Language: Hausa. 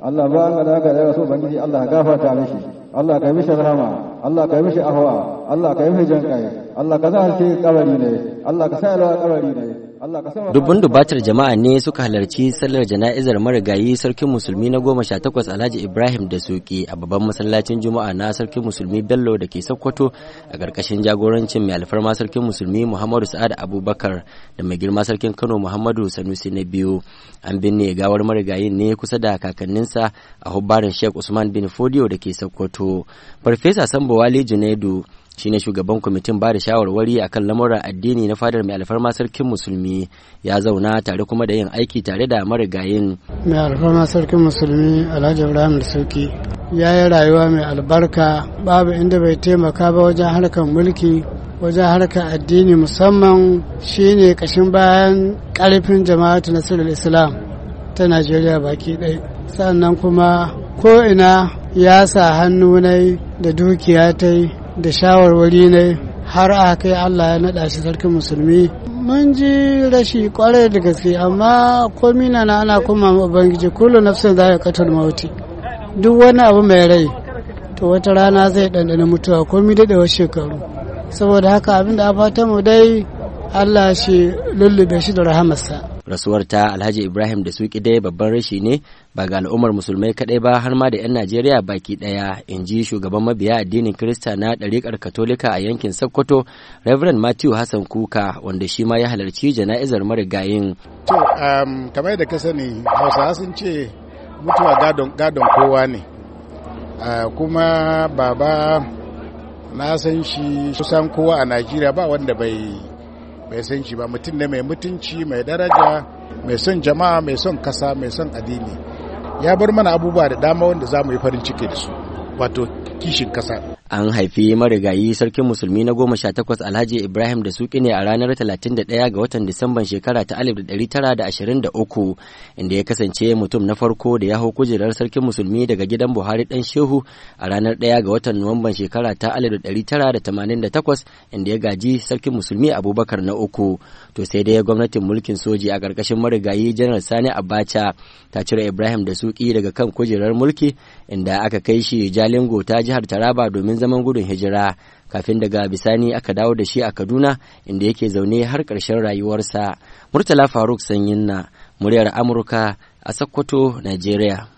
Allah ba ka da ka da so bangiji Allah gafarta mishi Allah ka mishi rahama Allah ka mishi ahwa Allah ka mishi jankai Allah ka zahalce kabari ne Allah ka sa alwa kabari ne Dubban dubatar jama'a ne suka halarci sallar jana'izar marigayi sarkin musulmi na goma sha takwas Alhaji Ibrahim da Suke. a babban masallacin Juma'a na sarkin musulmi Bello da ke Sokoto a ƙarƙashin jagorancin mai alfarma sarkin musulmi Muhammadu Sa'ad Abubakar da mai girma sarkin Kano Muhammadu Sanusi na biyu. An binne gawar marigayin ne kusa da kakanninsa a hubbarin Sheikh Usman bin Fodio da ke Sokoto. Farfesa Sambo Wali Junaidu shine shugaban kwamitin ba da shawarwari akan lamuran addini na fadar mai alfarma sarkin musulmi ya zauna tare kuma da yin aiki tare da marigayin mai alfarma sarkin musulmi alhaji ibrahim da sauki ya yi rayuwa mai albarka babu inda bai taimaka ba wajen harkar mulki wajen harkar addini musamman shine kashin bayan karfin jama'atu nasarar islam ta najeriya baki ɗaya sannan kuma ko ina ya sa hannu da dukiya ta yi da shawarwari ne har a kai Allah ya naɗa shi sarkin musulmi. Mun ji rashi kwarai da gaske amma komi na ana kuma Ubangiji kullu nafsin za ya katar mauti. Duk wani abu mai rai to wata rana zai ɗanɗana mutuwa komi daɗewar shekaru. Saboda haka abin da a fata mu dai Allah shi lullube shi da rahamarsa. rasuwar ta alhaji ibrahim da suki dai babban rashi ne ba ga al'ummar musulmai kadai ba har ma da 'yan najeriya baki daya in ji shugaban mabiya addinin kirista na ɗariƙar katolika a yankin sokoto reverend matthew hassan kuka wanda shi ma ya halarci jana'izar marigayin to um, kamar da ka sani hausawa sun ce mutuwa gadon kowa ne uh, kuma baba na san shi kusan kowa a najeriya ba wanda bai Mai san shi ba mutum ne mai mutunci mai daraja mai son jama'a mai son kasa mai son addini ya bar mana abubuwa da dama wanda za mu yi farin ciki da su wato kishin kasa an haifi marigayi sarkin musulmi na goma sha takwas alhaji ibrahim da suki ne a ranar 31 ga watan disamban shekara ta 1923 inda ya kasance mutum na farko da ya hau kujerar sarkin musulmi daga gidan buhari dan shehu a ranar 1 ga watan nuwamban shekara ta 1988 inda ya gaji sarkin musulmi abubakar na uku to sai dai gwamnatin mulkin soji a ƙarƙashin marigayi janar sani abacha ta cire ibrahim da suki daga kan kujerar mulki inda aka kai shi jalingo ta jihar taraba domin zaman gudun hijira kafin daga bisani aka dawo da shi a Kaduna inda yake zaune har ƙarshen rayuwarsa. Murtala Faruk Sanyin na muryar Amurka a Sokoto, Najeriya.